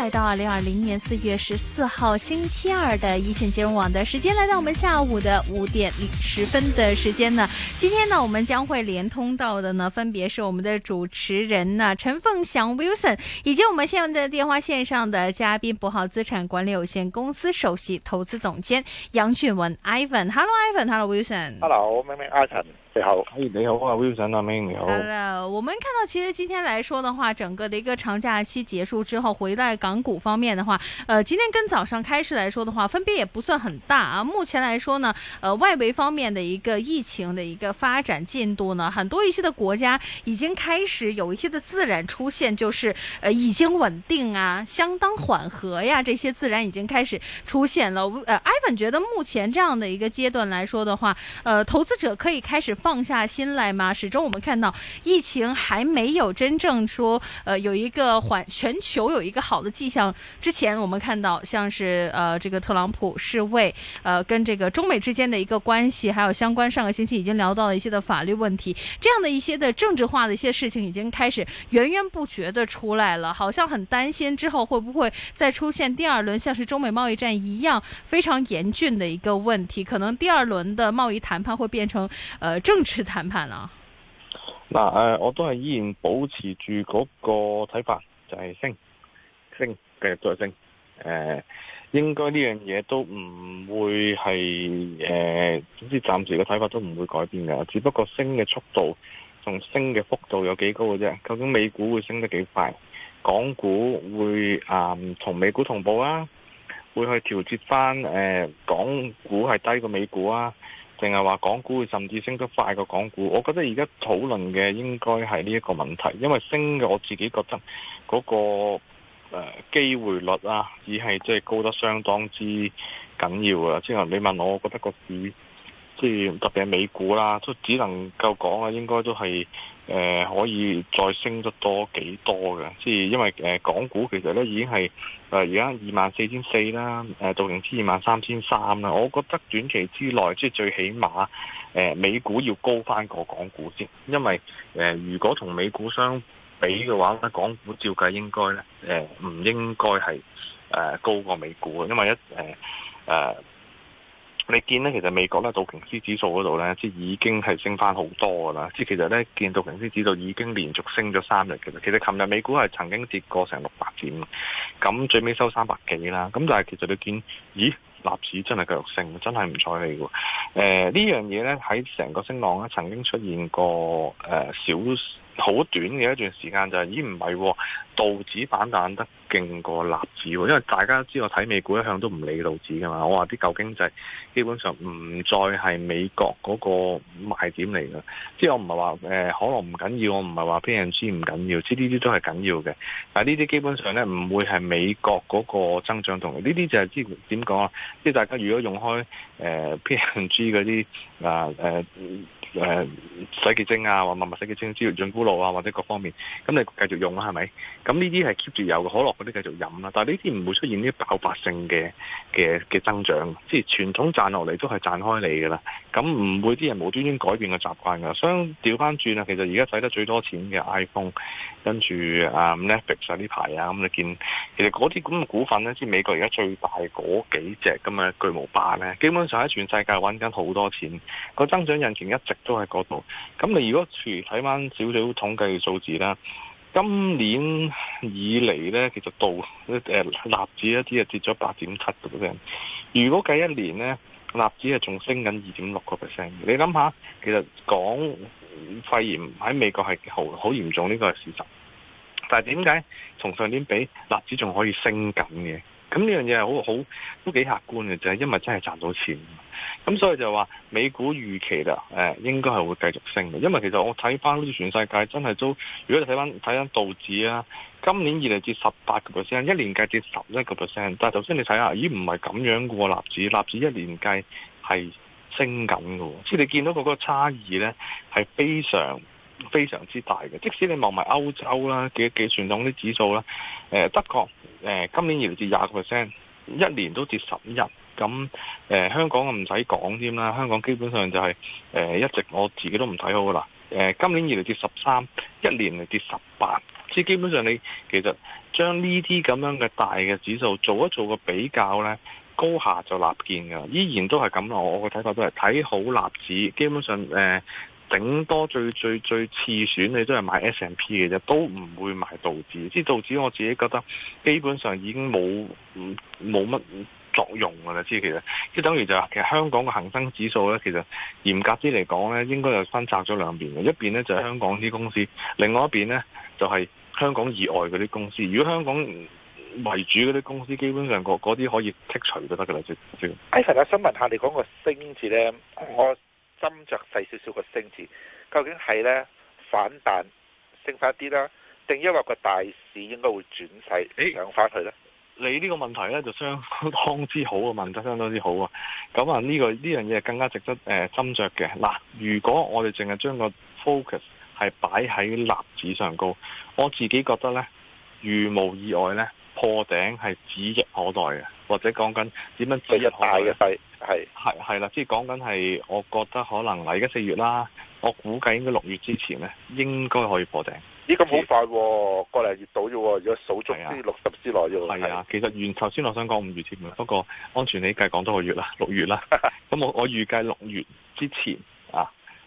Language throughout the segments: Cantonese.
來到二零二零年四月十四號星期二的一線金融網的時間，來到我們下午的五點十分的時間呢。今天呢，我們將會連通到的呢，分別是我們的主持人呢、啊、陳鳳祥 Wilson，以及我們現在的電話線上的嘉賓博豪資產管理有限公司首席投資總監楊俊文 Ivan。Hello，Ivan Hello, Hello,。Hello，Wilson。Hello，妹妹阿陳。你好。哎，hey, 你好啊，Wilson。啊妹你好。Hello，我們看到其實今天來說的話，整個的一個長假期結束之後回來港。港股方面的話，呃，今天跟早上開市來說的話，分別也不算很大啊。目前來說呢，呃，外圍方面的一個疫情的一個發展進度呢，很多一些的國家已經開始有一些的自然出現，就是呃，已經穩定啊，相當緩和呀，這些自然已經開始出現了。呃，Ivan 覺得目前這樣的一個階段來說的話，呃，投資者可以開始放下心來嗎？始終我們看到疫情還沒有真正說呃有一個緩，全球有一個好的。跡象之前，我們看到像是呃這個特朗普是為呃跟這個中美之間的一個關係，還有相關上個星期已經聊到了一些的法律問題，這樣的一些的政治化的一些事情已經開始源源不絕地出來了，好像很擔心之後會不會再出現第二輪像是中美貿易戰一樣非常嚴峻的一個問題，可能第二輪的貿易談判會變成呃政治談判了。嗱誒、呃，我都係依然保持住嗰個睇法，就係、是、升。升，繼續再升，誒，應該呢樣嘢都唔會係，誒，總之暫時嘅睇法都唔會改變㗎，只不過升嘅速度同升嘅幅度有幾高嘅啫。究竟美股會升得幾快，港股會啊同美股同步啊，會去調節翻，誒，港股係低過美股啊，定係話港股會甚至升得快過港股？我覺得而家討論嘅應該係呢一個問題，因為升嘅我自己覺得嗰個。誒機會率啊，已係即係高得相當之緊要㗎喇！之前你問我，我覺得個市即係特別係美股啦，都只能夠講啊，應該都係誒、呃、可以再升得多幾多嘅。即係因為誒港股其實咧已經係誒而家二萬四千四啦，誒、呃、到零至二萬三千三啦。我覺得短期之內，即係最起碼誒、呃、美股要高翻過港股先，因為誒、呃、如果同美股相比嘅話咧，港股照計應該咧，誒、呃、唔應該係誒、呃、高過美股嘅，因為一誒誒、呃呃、你見咧，其實美國咧道瓊斯指數嗰度咧，即係已經係升翻好多噶啦，即係其實咧見道瓊斯指數已經連續升咗三日嘅啦。其實琴日美股係曾經跌過成六百點，咁最尾收三百幾啦。咁但係其實你見，咦，納市真係繼續升，真係唔睬你喎。誒、呃、呢樣嘢咧喺成個升浪咧曾經出現過誒少，呃小好短嘅一段時間，就係，咦，唔係道指反彈得勁過納指喎，因為大家知道睇美股一向都唔理道指噶嘛。我話啲舊經濟基本上唔再係美國嗰個賣點嚟嘅，即係我唔係話可能唔緊要，我唔係話 P&G 唔緊要，即係呢啲都係緊要嘅，但呢啲基本上咧唔會係美國嗰個增長動力，就是，呢啲就係知點講啊，即係大家如果用開，呃、P&G 嗰啲誒洗潔精啊，或密密洗潔精之類，潤膚露啊，或者各方面，咁你繼續用啦，係咪？咁呢啲係 keep 住有嘅，可樂嗰啲繼續飲啦。但係呢啲唔會出現呢啲爆發性嘅嘅嘅增長，即係傳統賺落嚟都係賺開你㗎啦。咁唔會啲人無端端改變個習慣㗎。所以調翻轉啊，其實而家使得最多錢嘅 iPhone，跟住啊，嗯、Netflix 喺呢排啊，咁你見其實嗰啲咁嘅股份呢，即係美國而家最大嗰幾隻咁嘅巨無霸呢，基本上喺全世界揾緊好多錢，個增長引擎一直。都係嗰度咁。你如果除睇翻少少統計嘅數字啦，今年以嚟咧，其實到誒、呃、納指一啲啊跌咗八點七個 percent。如果計一年咧，納指啊仲升緊二點六個 percent。你諗下，其實講肺炎喺美國係好好嚴重，呢、呢個係事實。但係點解從上年比納指仲可以升緊嘅？咁呢樣嘢係好好都幾客觀嘅，就係因為真係賺到錢。咁所以就話美股預期啦，誒應該係會繼續升嘅。因為其實我睇翻好似全世界真係都，如果你睇翻睇翻道指啊，今年以來至十八個 percent，一年計至十一個 percent。但係頭先你睇下，咦唔係咁樣嘅喎，納指納指一年計係升緊㗎喎，即係你見到嗰個差異咧係非常，非常之大嘅，即使你望埋歐洲啦，嘅計算統啲指數啦，誒德國誒今年以嚟跌廿個 percent，一年都跌十一，咁、呃、誒香港我唔使講添啦，香港基本上就係、是、誒、呃、一直我自己都唔睇好噶啦，誒、呃、今年以嚟跌十三，一年嚟跌十八，即係基本上你其實將呢啲咁樣嘅大嘅指數做一做個比較咧，高下就立見啦，依然都係咁啦，我個睇法都係睇好納指，基本上誒。呃頂多最最最次選，你都係買 S&P 嘅啫，都唔會買道指。即係道指，我自己覺得基本上已經冇冇乜作用㗎啦。知唔知啊？其實即係等於就係、是、其實香港嘅恒生指數咧，其實嚴格啲嚟講咧，應該就分拆咗兩邊嘅。一邊咧就係、是、香港啲公司，另外一邊咧就係、是、香港以外嗰啲公司。如果香港為主嗰啲公司，基本上嗰啲可以剔除都得㗎啦。即係 Ivan 新啊，想問下你講個升字咧，我。斟酌細少少個升字，究竟係呢？反彈升快啲啦，定抑或個大市應該會轉勢、欸、上翻去咧？你呢個問題呢，就相當之好啊，問得相當之好啊。咁啊、呢個，呢、呢個呢樣嘢更加值得誒斟酌嘅。嗱、呃，如果我哋淨係將個 focus 係擺喺納指上高，我自己覺得呢，如無意外呢，破頂係指日可待嘅，或者講緊點樣指日可待嘅。係係係啦，即係講緊係，我覺得可能嚟緊四月啦，我估計應該六月之前咧，應該可以破頂。呢、就是、個好快，過嚟月到啫，如果數足啲六十之內要。係啊，其實原頭先我想講五月前嘅，不過安全你計講多個月啦，六月啦。咁 我我預計六月之前啊，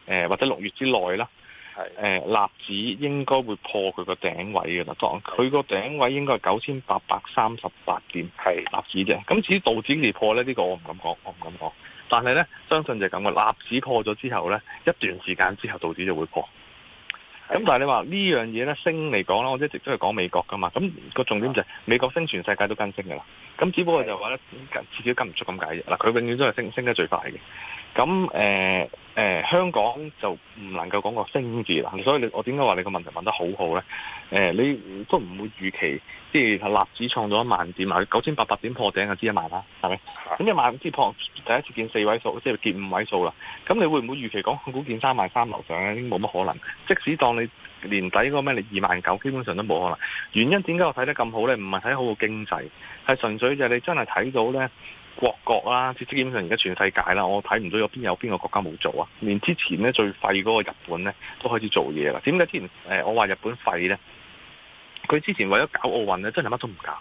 誒、呃、或者六月之內啦。係，誒是，鈉、呃、子應該會破佢個頂位嘅啦，當佢個頂位應該係九千八百三十八點，係鈉是子嘅。咁至於道指跌破咧，呢、這個我唔敢講，我唔敢講。但係咧，相信就係咁嘅，鈉子破咗之後咧，一段時間之後，道指就會破。咁是但係你話呢樣嘢咧，升嚟講啦，我一直都係講美國噶嘛。咁、那個重點就係美國升，全世界都更升噶啦。咁只不過就係話咧，己是都跟唔出咁解嘅。嗱，佢永遠都係升升得最快嘅。咁誒、呃呃、香港就唔能夠講個升字啦，所以你我點解話你個問題問得好好咧？誒、呃，你都唔會預期，即係納指創咗一萬點，九千八百點破頂就知一萬啦，係咪？咁一萬知破，第一次見四位數，即係見五位數啦。咁你會唔會預期港股見三萬三樓上咧？已經冇乜可能。即使當你年底嗰咩，你二萬九基本上都冇可能。原因點解我睇得咁好咧？唔係睇好個經濟，係純粹就係你真係睇到咧。國國啦，即係基本上而家全世界啦，我睇唔到有邊有邊個國家冇做啊！連之前咧最廢嗰個日本咧，都開始做嘢啦。點解之前誒我話日本廢咧？佢之前為咗搞奧運咧，真係乜都唔搞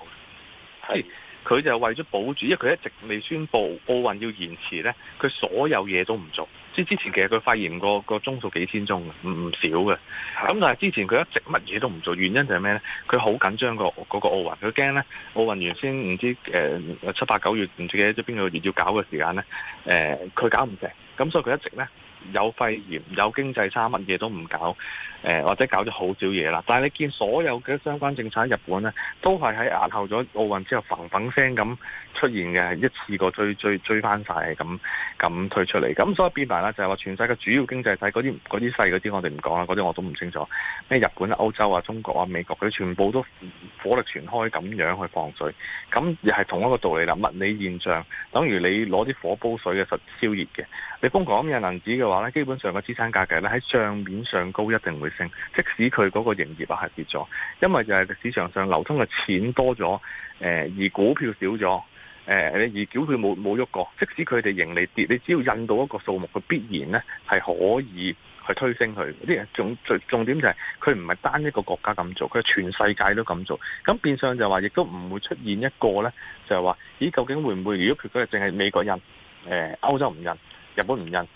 嘅，係。佢就係為咗保住，因為佢一直未宣佈奧運要延遲呢，佢所有嘢都唔做。即係之前其實佢肺炎、個個宗數幾千宗唔少嘅。咁但係之前佢一直乜嘢都唔做，原因就係咩呢？佢好緊張個嗰個奧運，佢驚呢奧運原先唔知誒七八九月唔知喺邊個月要搞嘅時間呢，誒、呃、佢搞唔成，咁所以佢一直呢，有肺炎有經濟差，乜嘢都唔搞。誒或者搞咗好少嘢啦，但係你見所有嘅相關政策喺日本呢，都係喺押後咗奧運之後，嘭嘭聲咁出現嘅，一次過追追追翻晒，咁咁推出嚟。咁所以變埋啦就係話，全世界主要經濟體嗰啲嗰啲細嗰啲，我哋唔講啦，嗰啲我都唔清楚。咩日本啊、歐洲啊、中國啊、美國，佢全部都火力全開咁樣去放水，咁亦係同一個道理啦。物理現象等於你攞啲火煲水嘅實燒熱嘅。你瘋狂咁印銀紙嘅話呢，基本上個資產價格咧，喺帳面上高一定會，即使佢嗰個營業額係跌咗，因為就係市場上流通嘅錢多咗，誒、呃、而股票少咗，誒、呃、而股票冇冇喐過，即使佢哋盈利跌，你只要印到一個數目，佢必然咧係可以去推升佢。啲人重最重點就係佢唔係單一個國家咁做，佢係全世界都咁做。咁變相就係話亦都唔會出現一個咧，就係話咦究竟會唔會如果佢嗰日淨係美國印誒歐、呃、洲唔印？日本唔印，咁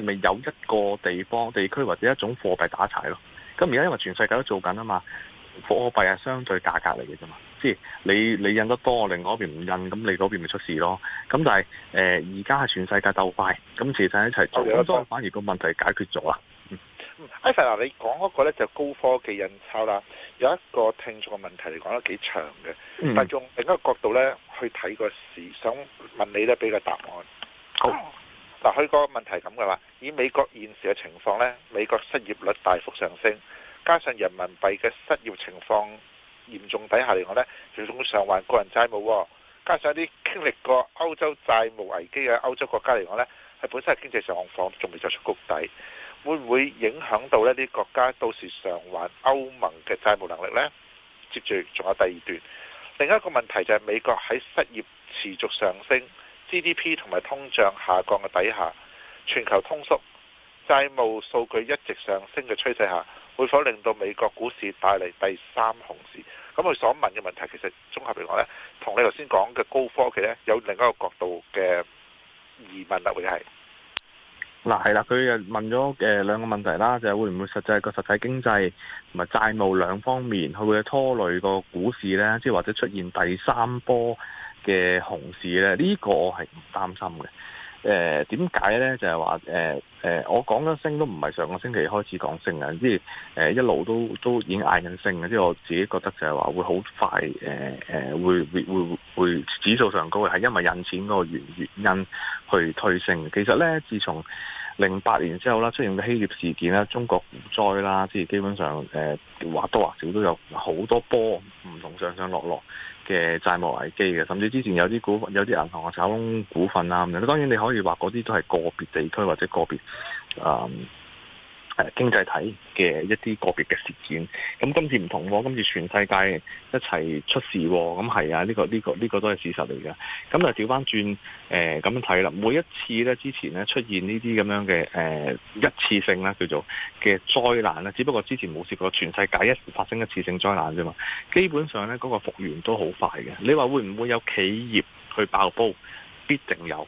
你咪有一個地方、地區或者一種貨幣打齊咯。咁而家因為全世界都做緊啊嘛，貨幣係相對價格嚟嘅啫嘛。即係你你印得多，另外一邊唔印，咁你嗰邊咪出事咯。咁但係誒，而家係全世界鬥快，咁其實一齊做多，但反而個問題解決咗啊。埃、嗯嗯、你講嗰個咧就高科技印鈔啦，有一個聽眾嘅問題嚟講得幾長嘅，但用另一個角度咧去睇個事，想問你咧俾個答案。好。嗱，佢個問題咁嘅話，以美國現時嘅情況咧，美國失業率大幅上升，加上人民幣嘅失業情況嚴重底下嚟講咧，仲要償還個人債務，哦，加上啲經歷過歐洲債務危機嘅歐洲國家嚟講咧，係本身係經濟狀況仲未走出谷底，會唔會影響到呢啲國家到時償還歐盟嘅債務能力咧？接住仲有第二段，另一個問題就係美國喺失業持續上升。GDP 同埋通脹下降嘅底下，全球通縮、債務數據一直上升嘅趨勢下，會否令到美國股市帶嚟第三熊市？咁佢所問嘅問題其實綜合嚟講呢，同你頭先講嘅高科技呢，有另一個角度嘅疑問啦，會係嗱係啦，佢問咗誒兩個問題啦，就係、是、會唔會實際個實體經濟同埋債務兩方面，佢會唔會拖累個股市呢？即係或者出現第三波。嘅熊市咧，呢、呢個我係唔擔心嘅。誒點解咧？就係話誒誒，我講咗升都唔係上個星期開始講升嘅，即係誒一路都都已經嗌緊升嘅。即係我自己覺得就係話會好快誒誒、呃，會會會會，會指數上高嘅，係因為印錢嗰個原因去推升。其實咧，自從零八年之後啦，出現嘅希臘事件啦，中國股災啦，即係基本上誒話多話少都有好多波，唔同上上落落嘅債務危機嘅，甚至之前有啲股份有啲銀行啊炒股份啊咁樣。當然你可以話嗰啲都係個別地區或者個別啊。嗯誒經濟體嘅一啲個別嘅事件，咁今次唔同，今次全世界一齊出事，咁係啊，呢個呢個呢個都係事實嚟嘅。咁就調翻轉誒咁樣睇啦。每一次咧之前咧出現呢啲咁樣嘅誒、呃、一次性啦叫做嘅災難咧，只不過之前冇試過全世界一發生一次性災難啫嘛。基本上咧嗰個復原都好快嘅。你話會唔會有企業去爆煲？必定有。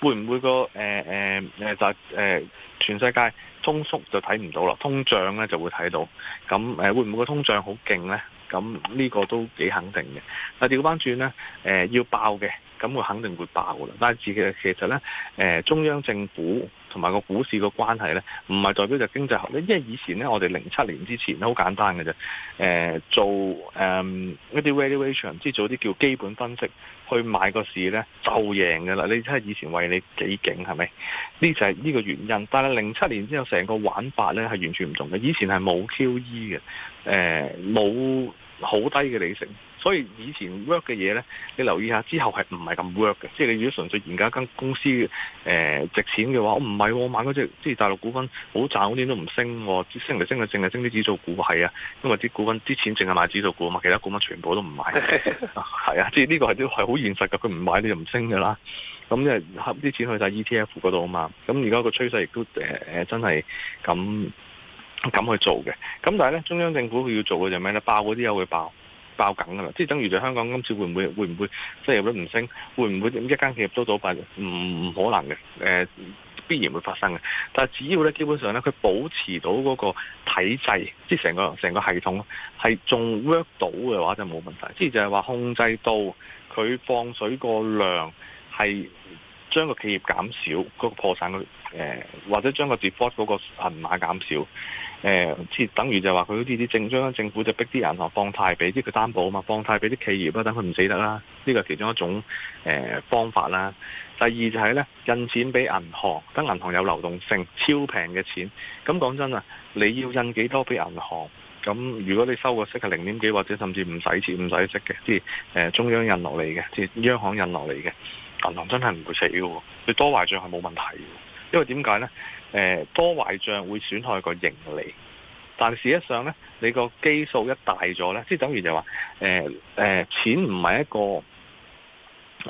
會唔會個誒誒誒就誒全世界？通縮就睇唔到啦，通脹咧就會睇到。咁誒，會唔會個通脹好勁咧？咁呢個都幾肯定嘅。啊，調翻轉咧，誒要爆嘅，咁會肯定會爆噶啦。但係其實其實咧，誒、呃、中央政府同埋個股市個關係咧，唔係代表就經濟學，因為以前咧，我哋零七年之前好簡單嘅啫。誒、呃、做誒一啲 valuation，即係做啲叫基本分析。去買個市呢，就贏㗎喇，你睇下以前匯豐幾勁係咪？呢就係呢個原因。但係零七年之後成個玩法呢，係完全唔同嘅，以前係冇 QE 嘅，誒冇好低嘅利息。所以以前 work 嘅嘢咧，你留意下之後係唔係咁 work 嘅？即係你如果純粹而家一間公司誒、呃、值錢嘅話，哦唔係哦、我唔係我買嗰隻即係大陸股份好賺嗰啲都唔升、哦、升，升，升，只升嚟升去淨係升啲指數股係啊，因為啲股份啲錢淨係買指數股啊嘛，其他股份全部都唔買，係 啊，即係呢個係都係好現實㗎。佢唔買你就唔升㗎啦。咁即係啲錢去晒 E T F 嗰度啊嘛。咁而家個趨勢亦都誒誒、呃、真係咁咁去做嘅。咁但係咧，中央政府佢要做嘅就係咩咧？爆嗰啲又會爆。爆緊㗎嘛！即係等於就香港今次會唔會會唔會，、即係、唔升會，唔會一企業都唔升，會唔會一間企業都倒閉唔唔可能嘅？誒、呃、必然會發生嘅。但係只要咧基本上咧，佢保持到嗰個體制，即係成個成個系統係仲 work 到嘅話，就冇問題。即係就係、係、話控制到佢放水個量係將個企業減少，個破產嘅、呃、或者將個 default 嗰個銀碼減少。誒，即係、呃、等於就話佢好似啲中央政府就逼啲銀行放貸俾啲佢擔保啊嘛，放貸俾啲企業啦，等佢唔死得啦，呢、這個其中一種誒、呃、方法啦。第二就係呢，印錢俾銀行，等銀行有流動性，超平嘅錢。咁、嗯、講真啊，你要印幾多俾銀行？咁如果你收個息係零點幾，或者甚至唔使錢、唔使息嘅，即係誒、呃、中央印落嚟嘅，即係央行印落嚟嘅，銀行真係唔會死噶、哦，你多壞賬係冇問題喎，因為點解呢？誒，多壞帳會損害個盈利，但事實上呢，你個基數一大咗呢，即係等於就話誒誒錢唔係一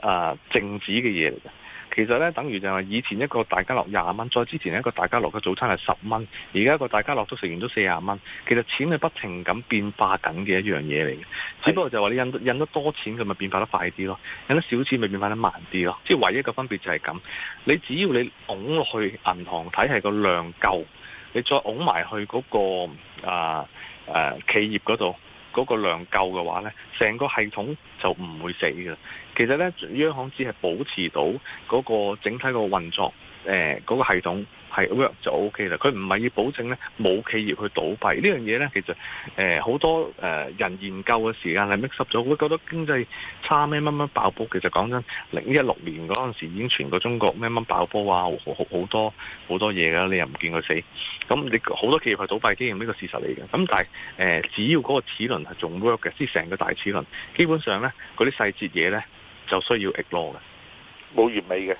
個啊靜止嘅嘢嚟嘅。其實咧，等於就係以前一個大家樂廿蚊，再之前一個大家樂嘅早餐係十蚊，而家一個大家樂都食完咗四十蚊。其實錢係不停咁變化緊嘅一樣嘢嚟嘅，是只不過就話你印印得多錢，佢咪變化得快啲咯；印得少錢，咪變化得慢啲咯。即唯一嘅分別就係咁。你只要你拱落去銀行體系個量夠，你再拱埋去嗰、嗰個、呃呃、企業嗰度嗰個量夠嘅話咧，成個系統就唔會死嘅。其實咧，央行只係保持到嗰個整體個運作，嗰、呃嗰個系統係 work 就 O K 啦。佢唔係要保證咧冇企業去倒閉樣呢樣嘢咧。其實好、呃、多人研究嘅時間係 mix 咗，會覺得經濟差咩乜乜爆煲。其實講真，零一六年嗰陣時已經全個中國咩乜爆煲啊，好好多好多嘢噶、啊，你又唔見佢死。咁你好多企業去倒閉，經係呢個事實嚟嘅。咁但係、呃、只要嗰個齒輪係仲 work 嘅，即係成個大齒輪，基本上咧嗰啲細節嘢咧，就需要 ignore 嘅，冇完美嘅，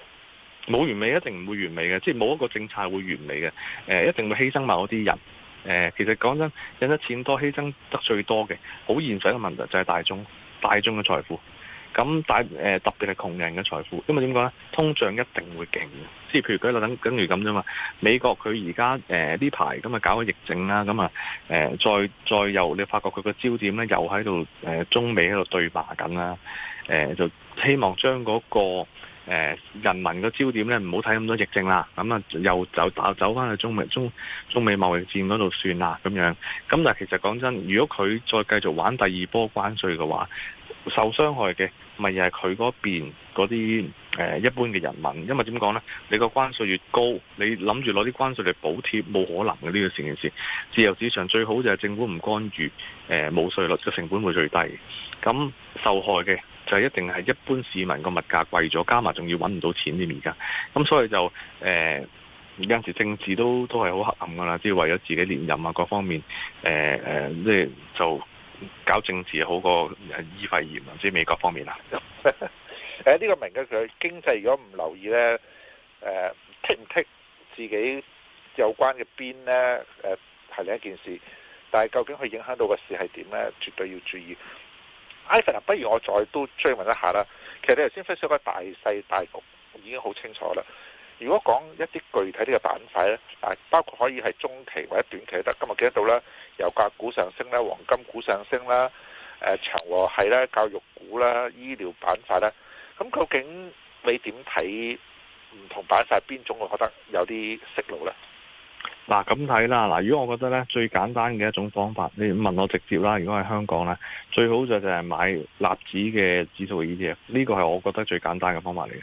冇完美一定唔會完美嘅，即係冇一個政策會完美嘅，誒、呃，一定會犧牲某啲人，誒、呃，其實講真，引得錢多犧牲得最多嘅，好現實嘅問題就係大眾，大眾嘅財富。咁但誒、呃、特別係窮人嘅財富，因為點講咧？通脹一定會勁，即係譬如佢喺度等等住咁啫嘛。美國佢而家誒呢排咁啊搞個疫症啦，咁啊再再又你發覺佢個焦點咧又喺度誒中美喺度對罵緊啦，誒、啊、就希望將嗰、嗰個、呃、人民嘅焦點咧唔好睇咁多疫症啦，咁啊又走打走翻去中美中中美貿易戰嗰度算啦咁樣。咁、啊、但其實講真，如果佢再繼續玩第二波關稅嘅話，受傷害嘅咪又係佢嗰邊嗰啲誒一般嘅人民，因為點講呢？你個關稅越高，你諗住攞啲關稅嚟補貼，冇可能嘅呢個成件事。自由市場最好就係政府唔干預誒冇稅率嘅成本會最低。咁受害嘅就一定係一般市民個物價貴咗，加埋仲要揾唔到錢添而家。咁所以就誒、呃、有陣時政治都都係好黑暗噶啦，即係為咗自己連任啊各方面誒誒即係就。搞政治好過醫肺炎，唔知美國方面 啊？呢、呢個明嘅，佢經濟如果唔留意咧，誒、呃、踢唔踢自己有關嘅邊咧？係、呃、另一件事，但係究竟佢影響到嘅事係點咧？絕對要注意。Ivan，不如我再都追問一下啦。其實你頭先分析一個大細大局已經好清楚啦。如果講一啲具體啲嘅板塊咧，啊，包括可以係中期或者短期得，今日見得到啦，油價股上升啦，黃金股上升啦，誒、呃、長和系啦，教育股啦，醫療板塊啦。咁究竟你點睇唔同板塊邊種我覺得有啲息路咧？嗱咁睇啦，嗱如果我覺得咧最簡單嘅一種方法，你問我直接啦，如果係香港咧，最好就就係買納指嘅指數依啲嘢，呢、這個係我覺得最簡單嘅方法嚟嘅。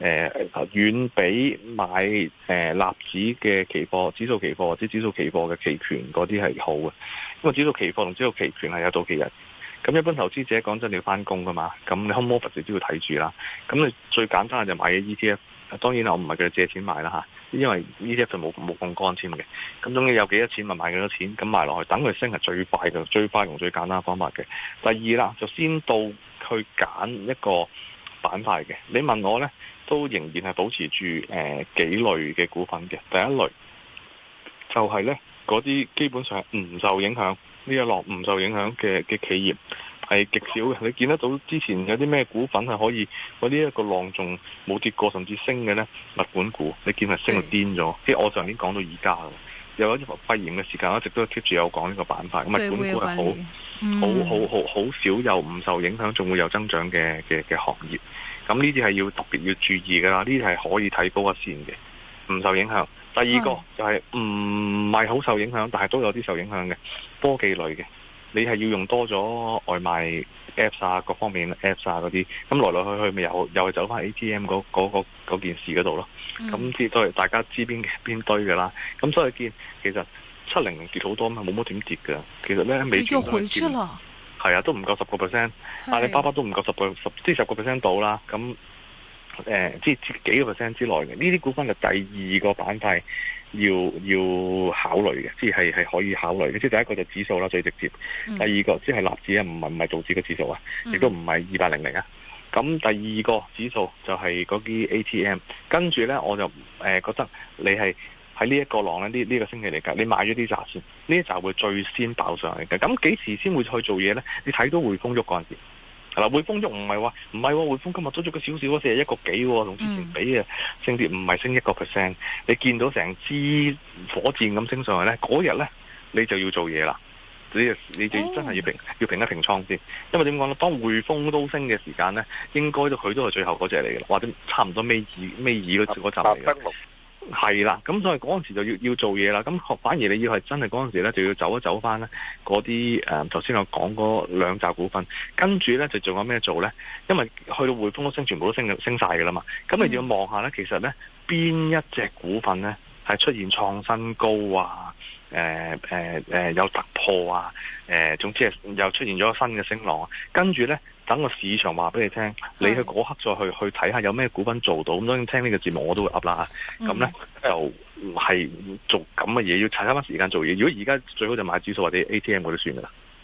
誒、呃、遠比買誒、呃、納指嘅期貨、指數期貨或者指數期貨嘅期權嗰啲係好嘅。因為指數期貨同指數期權係有到期日。咁一般投資者講真，你要翻工噶嘛？咁你 home office 都要睇住啦。咁你最簡單就是買嘅 ETF。當然啦，我唔係叫你借錢買啦嚇，因為 ETF 就冇冇槓桿錢嘅。咁總之有幾多錢咪買幾多錢，咁買落去等佢升係最快嘅，最快用最簡單嘅方法嘅。第二啦，就先到去揀一個板塊嘅。你問我咧？都仍然係保持住誒、呃、幾類嘅股份嘅，第一類就係、是、呢嗰啲基本上唔受影響，呢個浪唔受影響嘅嘅企業係極少嘅。你見得到之前有啲咩股份係可以嗰啲一個浪仲冇跌過，甚至升嘅呢，物管股，你見係升到癲咗。即係的我上年講到而家嘅，有啲肺炎嘅時間我一直都 keep 住有講呢個板塊，是的物管股係好、嗯、好好好好少有唔受影響，仲會有增長嘅嘅嘅行業。咁呢啲係要特別要注意噶啦，呢啲係可以睇高一線嘅，唔受影響。第二個就係唔係好受影響，但係都有啲受影響嘅科技類嘅，你係要用多咗外賣 Apps 啊，各方面 Apps 啊嗰啲，咁來來去去咪又又係走翻 ATM 嗰個件事嗰度咯。咁啲都係大家知邊邊堆嘅啦。咁所以見其實七零零跌好多，咁係冇乜點跌㗎。其實呢，未又係的啊，你爸爸都唔夠十個 percent，阿里巴巴都唔夠十個十，即十個 percent 到啦。咁誒，即係、呃、幾個 percent 之內嘅呢啲股份嘅，第二個板塊要要考慮嘅，即係係可以考慮。即、就、係、係、第一個就指數啦，最直接。嗯、第二個即係立指啊，唔係唔係道指嘅指數啊，亦都唔係二八零零啊。咁第二個指數就係嗰啲 ATM。跟住咧，我就誒、呃、覺得你係。喺呢一個浪咧，呢、呢、呢個星期嚟嘅，你買咗啲紮先，呢一紮會最先爆上嚟嘅。咁幾時先會去做嘢咧？你睇到匯豐喐嗰陣時，係啦，匯豐喐唔係話唔係匯豐今日都咗個少少喎，成一個幾同、哦、之前比啊，升跌唔係升一個 percent。你見到成支火箭咁升上去咧，嗰日咧你就要做嘢啦。你啊，你就真係要平、oh. 要平一平倉先，因為點講咧？當匯豐都升嘅時間咧，應該都佢都係最後嗰隻嚟嘅，或者差唔多尾二尾二嗰嗰扎嚟嘅。係啦，咁所以嗰陣時就要要做嘢啦，咁反而你要係真係嗰陣時咧，就要走一走翻咧嗰啲誒，頭先我講嗰兩隻股份，跟住咧就仲有咩做咧？因為去到匯豐都升，全部都升升曬嘅啦嘛，咁你要望下咧，嗯、其實咧邊一隻股份咧係出現創新高啊？誒、呃、誒、呃呃、有突破啊？誒、呃、總之係又出現咗新嘅升浪，跟住咧。等個市場話俾你聽，你去嗰刻再去去睇下有咩股份做到咁樣。當然聽呢個節目我都會噏啦，咁呢、mm hmm. 就係做咁嘅嘢，要踩啱翻時間做嘢。如果而家最好就買指數或者 ATM 嗰啲算噶啦。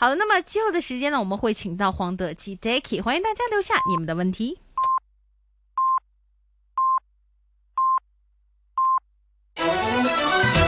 好的，那麼之後的時間呢，我們會請到黃德基 Jacky，歡迎大家留下你們的問題。